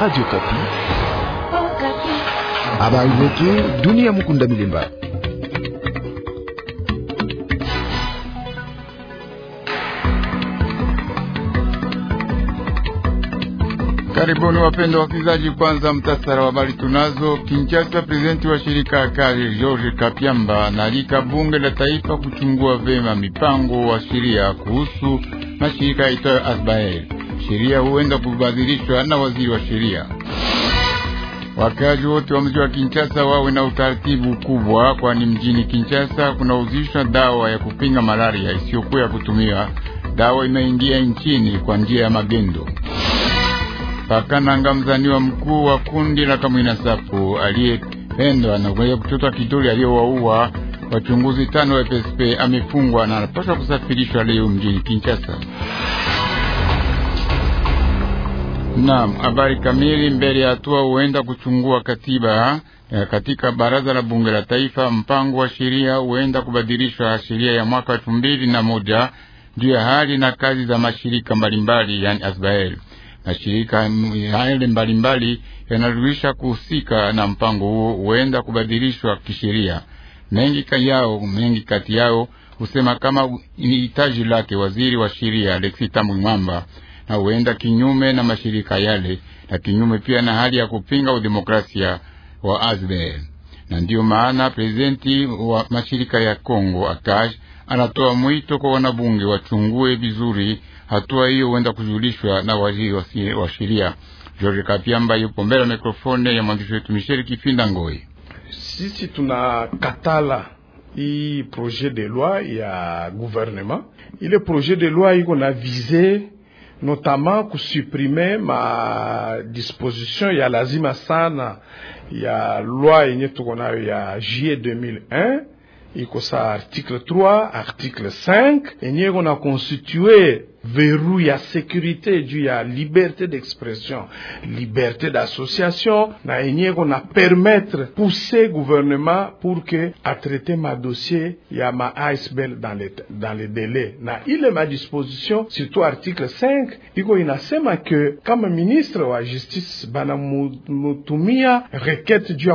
Radio Kapi. Oh, Kapi. Habari zetu dunia mukunda milimba. Karibuni wapendwa wasikilizaji, kwanza mtasara wa habari tunazo. Kinshasa, prezidenti wa shirika akali George Kapiamba analika bunge la taifa kuchungua vema mipango wa sheria kuhusu mashirika yaitwayo Asbahel sheria huenda kubadilishwa na waziri wa sheria. Wakaji wote wa mji wa Kinshasa wawe na utaratibu kubwa, kwani mjini Kinshasa kunauzishwa dawa ya kupinga malaria isiyokuwa ya kutumia. Dawa imeingia nchini kwa njia ya magendo. Pakananga, mzaniwa mkuu wa kundi la Kamwina Sapu aliyependwa na kuea kuchota kidole aliyowaua wachunguzi tano wa FSP amefungwa na anapaswa kusafirishwa leo mjini Kinshasa. Naam, habari kamili mbele ya hatua huenda kuchungua katiba eh, katika baraza la bunge la taifa. Mpango wa sheria huenda kubadilishwa sheria ya mwaka elfu mbili na moja juu ya hali na kazi za mashirika mbalimbali, yani Asbael. mashirika yale mbalimbali yanarudisha kuhusika na mpango huo huenda kubadilishwa kisheria. Mengi kati yao mengi kati yao husema kama ni hitaji lake waziri wa sheria Alexi Tambwe Mwamba na huenda kinyume na mashirika yale na kinyume pia na hali ya kupinga udemokrasia wa Azbe. Na ndiyo maana prezidenti wa mashirika ya Kongo ACAJ anatoa mwito kwa wanabunge wachungue vizuri hatua hiyo huenda kujulishwa na waziri wa sheria George Kapiamba. Yupo mbele ya mikrofone ya mwandishi wetu Michel Kifinda Ngoi. Sisi tunakatala hii projet de loi ya gouvernement. Ile projet de loi iko na vise notamment kusuprime madisposition ya lazima sana ya loi yenye tuko nayo ya juillet 2001 iko sa article 3 article 5 yenye iko na konstitue verrou, il y a sécurité, il y a liberté d'expression, liberté d'association, on a permettre, pousser gouvernement pour que, à traiter ma dossier, il y a ma iceberg dans les, dans les délais. Na, il est ma disposition, surtout article 5, iko inasema que, comme ministre la justice, bana requête du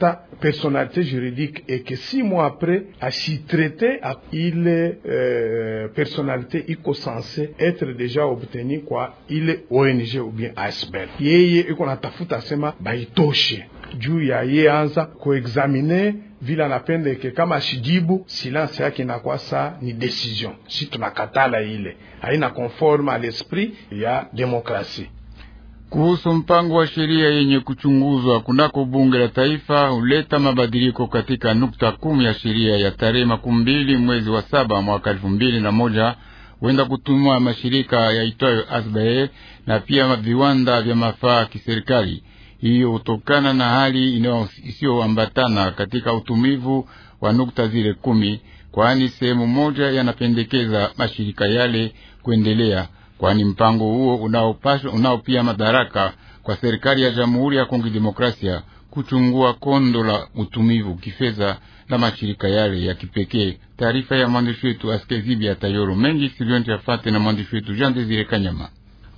la personnalité juridique et que six mois après, a s'y traité, il est, euh, personnalité écosensée. sensée, mametre deja obteni kwa ile ONG ou bien ASBEL. Yeye iko natafuta sema baitoshe juu ya ye anza kuexamine vile ke kama shijibu silence yake inakuwa saa ni decision, si tunakatala ile haina conforme a l'esprit ya demokrasi. Kuhusu mpango wa sheria yenye kuchunguzwa kunako bunge la taifa huleta mabadiliko katika nukta kumi ya sheria ya tarehe makumi mbili mwezi wa saba mwaka elfu mbili na moja wenda kutumwa mashirika yaitwayo Asbae na pia viwanda vya mafaa kiserikali. Hiyo hutokana na hali isiyoambatana katika utumivu wa nukta zile kumi, kwani sehemu moja yanapendekeza mashirika yale kuendelea, kwani mpango huo unaopia unao pia madaraka kwa serikali ya Jamhuri ya Kongo Demokrasia kuchungua kondo la utumivu kifedha la mashirika yale ya kipekee. Taarifa ya mwandishi wetu ya Tayoro mengi silionjafate na mwandishi wetu Jean Desire Kanyama.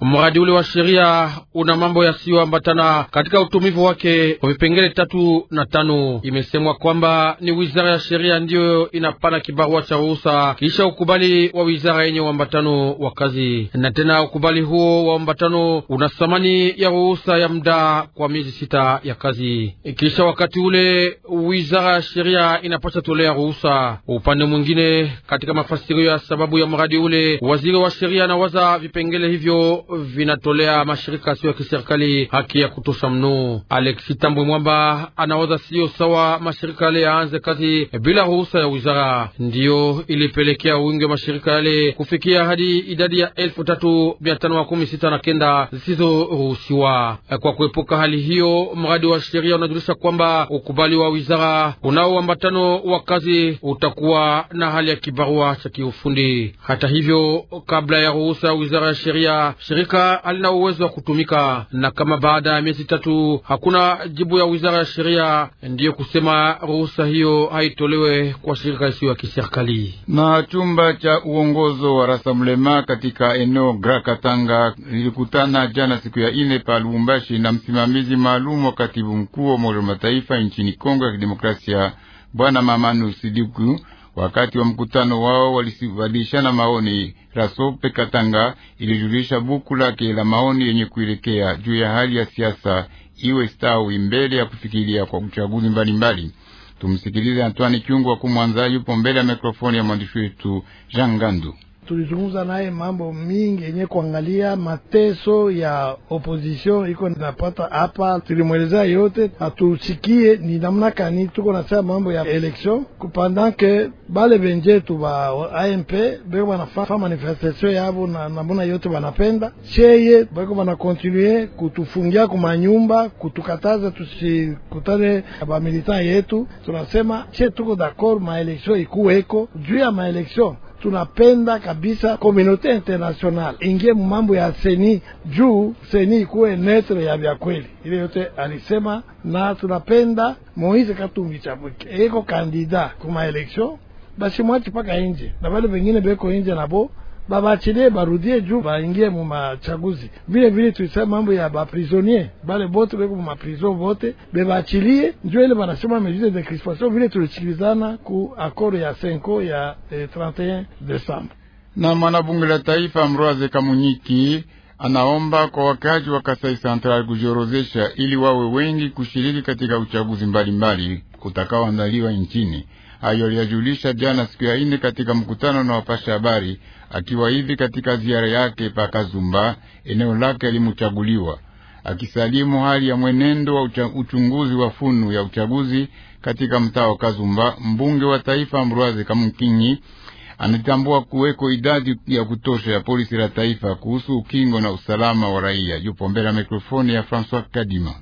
Mradi ule wa sheria una mambo yasiyoambatana katika utumivu wake wa vipengele tatu na tano. Imesemwa kwamba ni wizara ya sheria ndiyo inapana kibarua cha ruhusa kisha ukubali wa wizara yenye uambatano wa kazi, na tena ukubali huo wa uambatano una thamani ya ruhusa ya muda kwa miezi sita ya kazi. Kisha wakati ule wizara ya sheria inapasha tolea ruhusa. Upande mwingine, katika mafasirio ya sababu ya mradi ule, waziri wa sheria anawaza vipengele hivyo vinatolea mashirika sio ya kiserikali haki ya kutosha mno. Alexis Tambwe Mwamba anawaza siyo sawa mashirika yale yaanze kazi bila ruhusa ya wizara, ndiyo ilipelekea wingi wa mashirika yale kufikia hadi idadi ya elfu tatu mia tano makumi sita na kenda zisizoruhusiwa. Kwa kuepuka hali hiyo, mradi wa sheria unajulisha kwamba ukubali wa wizara unaoambatano wa kazi utakuwa na hali ya kibarua cha kiufundi. Hata hivyo, kabla ya ruhusa ya wizara ya sheria shirika alina uwezo wa kutumika, na kama baada ya miezi tatu hakuna jibu ya wizara ya sheria, ndiyo kusema ruhusa hiyo haitolewe kwa shirika isiyo ya kiserikali. Na chumba cha uongozo wa rasa mlema katika eneo Gra Katanga lilikutana jana siku ya ine pa Lubumbashi na msimamizi maalum wa katibu mkuu wa Umoja wa Mataifa nchini Kongo ya Kidemokrasia, Bwana Mamanu Sidiku Wakati wa mkutano wao walibadilishana maoni. Rasope Katanga ilijulisha buku lake la maoni yenye kuelekea juu ya hali ya siasa iwe stawi mbele ya kufikiria kwa uchaguzi mbalimbali. Tumsikilize Antoine Kyungu wa Kumwanza, yupo mbele ya mikrofoni ya mwandishi wetu Jean Gandu tulizungumza naye mambo mingi yenye kuangalia mateso ya opposition iko napata hapa, tulimwelezea yote, atusikie ni namna kani tuko nasema mambo ya election kupanda ke bale benjetu ba AMP beko banafa manifestation yabo na namna yote banapenda cheye, beko banakontinue kutufungia kumanyumba, kutukataza tusikutane bamilitant yetu. Tunasema che tuko d'accord maelektion ikuweko juu ya maelection tunapenda kabisa komunote international ingie mambo ya seni juu seni ikuwe netre ya vya kweli. Ile yote alisema, na tunapenda Moise Katumbi Chapweke eko kandida kuma election, basi mwachi paka nje na vale vengine beko inje nabo babachilie barudie juu baingie mu machaguzi. Vile vile tulisema mambo ya baprisonie bale bote beko mu mapriso bote bebachilie njo ile banasema mesure de crispation vile tulichilizana ku akoro ya senko ya eh, 31 Desemba. Na mwanabunge la taifa Mroze Kamunyiki anaomba kwa wakaji wa Kasai Central kujiorozesha ili wawe wengi kushiriki katika uchaguzi mbalimbali utakaoandaliwa nchini. Hayo aliyajulisha jana siku ya ine katika mkutano na wapasha habari, akiwa hivi katika ziara yake pa Kazumba, eneo lake alimuchaguliwa, akisalimu hali ya mwenendo wa uchunguzi wa funu ya uchaguzi katika mtaa wa Kazumba. Mbunge wa taifa Ambroise Kamukinyi anatambua kuweko idadi ya kutosha ya polisi la taifa kuhusu ukingo na usalama wa raia. Yupo mbele ya mikrofoni ya Francois Kadima.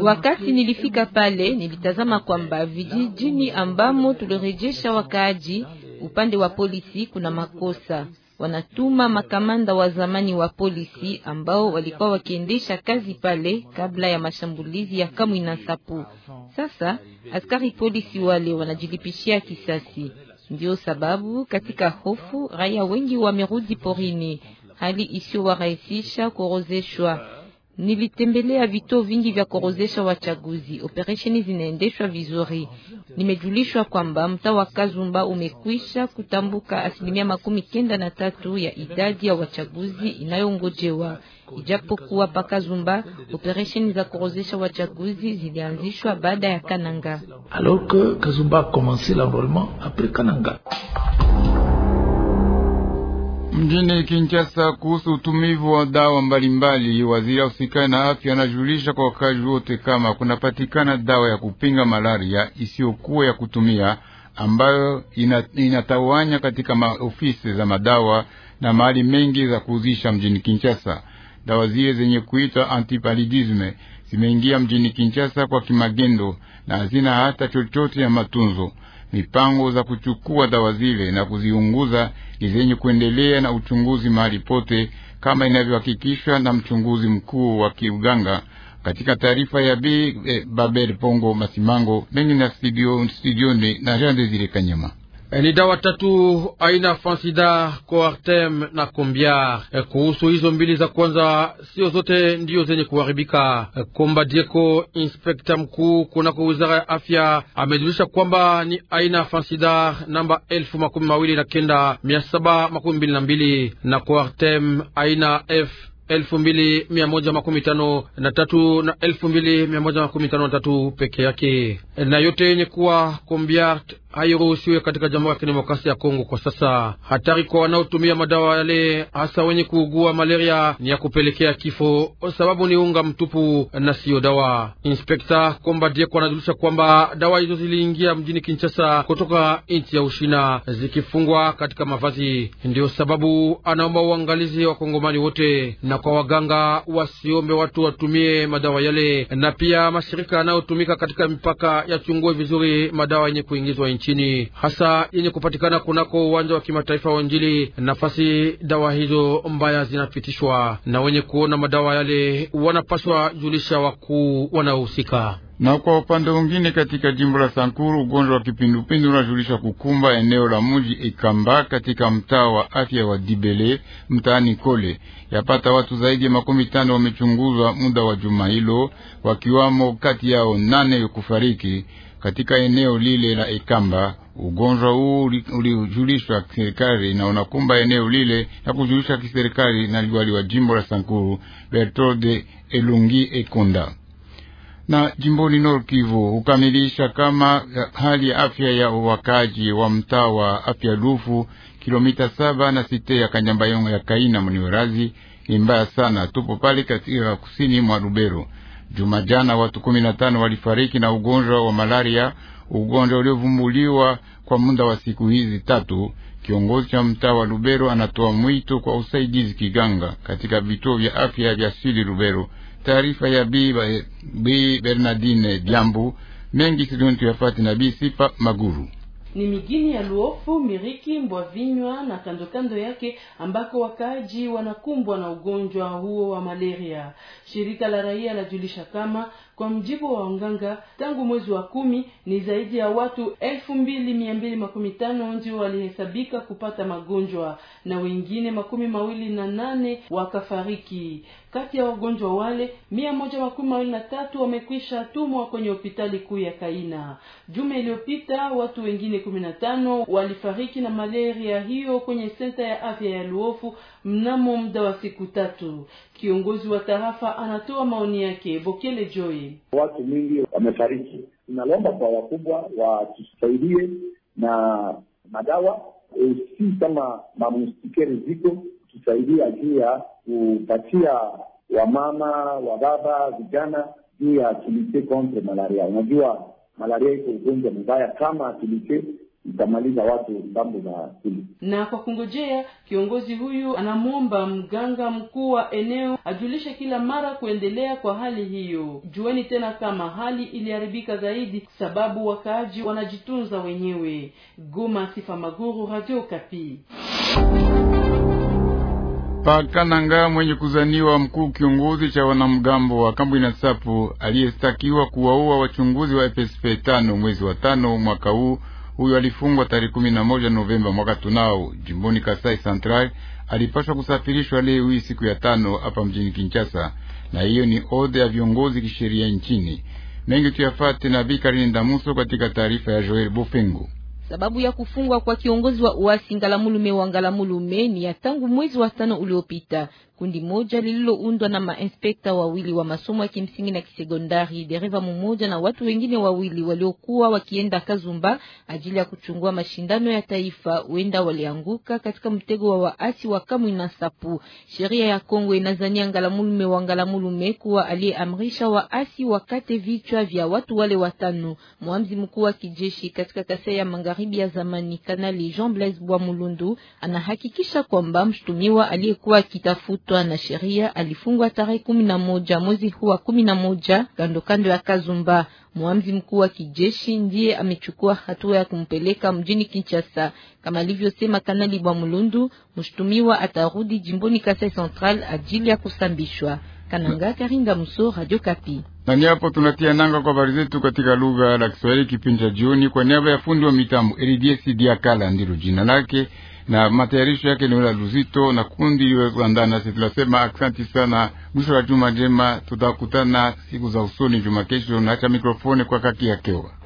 Wakati nilifika pale nilitazama kwamba vijijini ambamo tulirejesha wakaaji, upande wa polisi kuna makosa. Wanatuma makamanda wa zamani wa polisi ambao walikuwa wakiendesha kazi pale kabla ya mashambulizi ya Kamwina sapu Sasa askari polisi wale wanajilipishia kisasi. Ndio sababu katika hofu raia wengi wamerudi porini, hali isiyo warahisisha kurozeshwa Nilitembelea vituo vingi vya kuorozesha wachaguzi. Operesheni zinaendeshwa vizuri. Nimejulishwa kwamba mtaa wa Kazumba umekwisha kutambuka asilimia makumi kenda na tatu ya idadi ya wachaguzi inayongojewa, ijapokuwa pa Kazumba operesheni za kuorozesha wachaguzi zilianzishwa baada ya Kananga. Alors que Kazumba a commencé l'enrôlement après Kananga mjini Kinshasa kuhusu utumivu wa dawa mbalimbali. Waziri usikani na afya anajulisha kwa wakazi wote kama kunapatikana dawa ya kupinga malaria isiyokuwa ya kutumia ambayo inatawanya katika maofisi za madawa na mahali mengi za kuuzisha mjini Kinshasa. Dawa zile zenye kuitwa antipalidisme zimeingia mjini Kinshasa kwa kimagendo na hazina hata chochote ya matunzo mipango za kuchukua dawa zile na kuziunguza ni zenye kuendelea na uchunguzi mahali pote, kama inavyohakikishwa na mchunguzi mkuu wa kiuganga katika taarifa ya B eh, Babel Pongo Masimango mengi na studioni na Jean Desire Kanyama. Eh, ni dawa tatu aina fansida, coartem na combiar. Eh, kuhusu hizo mbili za kwanza, sio zote ndiyo zenye kuharibika. Eh, Komba Dieko, inspekta mkuu kunako wizara ya afya, amejulisha kwamba ni aina fansida namba elfu makumi mawili na kenda mia saba makumi mbili na mbili na coartem aina f elfu mbili mia moja makumi tano na tatu na elfu mbili mia moja makumi tano na tatu peke yake, na yote yenye kuwa combiart hairuhusiwe katika Jamhuri ya Kidemokrasia ya Kongo kwa sasa. Hatari kwa wanaotumia madawa yale, hasa wenye kuugua malaria, ni ya kupelekea kifo, sababu ni unga mtupu na siyo dawa. Inspekta Komba Dieko anajulisha kwamba dawa hizo ziliingia mjini Kinshasa kutoka nchi ya Ushina zikifungwa katika mavazi. Ndiyo sababu anaomba uangalizi wa Kongomani wote na kwa waganga wasiombe watu watumie madawa yale, na pia mashirika yanayotumika katika mipaka yachungue vizuri madawa yenye kuingizwa nchi nchini, hasa yenye kupatikana kunako uwanja wa kimataifa wa Njili. Nafasi dawa hizo mbaya zinapitishwa, na wenye kuona madawa yale wanapaswa julisha wakuu wanaohusika. Na kwa upande mwingine, katika jimbo la Sankuru ugonjwa wa kipindupindu unajulishwa kukumba eneo la mji Ikamba katika mtaa wa afya wa Dibele mtaani Kole. Yapata watu zaidi ya makumi tano wamechunguzwa muda wa juma hilo, wakiwamo kati yao nane kufariki katika eneo lile la Ikamba. Ugonjwa huu ulijulishwa kiserikali na unakumba eneo lile na kujulishwa kiserikali na liwali wa jimbo la Sankuru Bertode Elungi Ekunda na jimboni Nord Kivu hukamilisha kama hali ya afya ya wakaji wa mtaa wa afya Lufu, kilomita saba na site ya Kanyambayongo ya Kaina Muniwerazi ni mbaya sana. Tupo pale katika kusini mwa Rubero. Jumajana watu kumi na tano walifariki na ugonjwa wa malaria, ugonjwa uliovumbuliwa kwa muda wa siku hizi tatu. Kiongozi cha mtaa wa Rubero anatoa mwito kwa usaidizi kiganga katika vituo vya afya vya sili Rubero Taarifa ya Bi, B Bernardine Jambu mengi kiduni tuyafati na Bi Sifa Maguru ni migini ya Luofu, Miriki, Mbwavinywa na kando kando yake ambako wakaaji wanakumbwa na ugonjwa huo wa malaria. Shirika la raia lajulisha kama kwa mjibu wa wanganga, tangu mwezi wa kumi ni zaidi ya watu elfu mbili mia mbili makumi tano ndio walihesabika kupata magonjwa na wengine makumi mawili na nane wakafariki. Kati ya wagonjwa wale mia moja makumi mawili na tatu wamekwisha tumwa kwenye hospitali kuu ya Kaina. Juma iliyopita watu wengine kumi na tano walifariki na malaria hiyo kwenye senta ya afya ya Luofu mnamo muda wa siku tatu. Kiongozi wa tarafa anatoa maoni yake Bokele Joy watu mingi wamefariki. Tunalomba kwa wakubwa watusaidie na madawa eh, si kama mamustikeri ziko tusaidia juu ya kupatia wamama wa baba vijana juu ya tulite contre malaria. Unajua malaria iko ugonjwa mbaya kama tulite itamaliza watu ndambo za asili. Na kwa kungojea, kiongozi huyu anamwomba mganga mkuu wa eneo ajulishe kila mara kuendelea kwa hali hiyo. Jueni tena kama hali iliharibika zaidi, sababu wakaaji wanajitunza wenyewe. Goma, Sifa Maguru, Radio Kapi. Pakananga mwenye kuzaniwa mkuu kiongozi cha wanamgambo wa na Sapu aliyestakiwa kuwaua wachunguzi wa FSP tano mwezi wa tano mwaka huu huyo alifungwa tarehe kumi na moja Novemba mwaka tunao jimboni Kasai Central. alipashwa kusafirishwa leo hii siku ya tano hapa mjini Kinshasa, na hiyo ni odhe ya viongozi kisheria nchini. Mengi tuyafate na Bikarini Ndamuso katika taarifa ya Joel Bofengo. Sababu ya kufungwa kwa kiongozi wa uasi Ngalamulume wa Ngalamulume ni ya tangu mwezi wa tano uliopita. Kundi moja lililoundwa na mainspekta wawili wa masomo ya kimsingi na kisekondari, dereva mmoja na watu wengine wawili waliokuwa wakienda Kazumba ajili ya kuchungua mashindano ya taifa, huenda walianguka katika mtego wa waasi wa Kamwi na Sapu. Sheria ya Kongo inazania Ngalamulume wa Ngalamulume kuwa aliyeamrisha waasi wakate vichwa vya watu wale watano. Mwamzi mkuu wa kijeshi katika Kasai ya Mangari magharibi ya zamani, Kanali Jean Blaise mulundu anahakikisha kwamba mshtumiwa aliyekuwa akitafutwa na sheria alifungwa tarehe kumi na moja mwezi huu wa kumi na moja kando kando ya Kazumba. Mwamzi mkuu wa kijeshi ndiye amechukua hatua ya kumpeleka mjini Kinshasa. Kama alivyosema Kanali mulundu mshtumiwa atarudi jimboni Kasai Central ajili ya kusambishwa. Kananga, Karinda Muso, Radio Kapi. Na ni hapo tunatia nanga kwa habari zetu katika lugha la Kiswahili kipindi cha jioni. Kwa niaba ya fundi wa mitambo Eridiesi Diakala ndilo jina lake na matayarisho yake ni Luzito na kundi iliyoandaa nasi, tunasema asante sana. Mwisho wa juma jema, tutakutana siku za usoni, juma kesho. Naacha mikrofoni kwa kaki ya Kewa.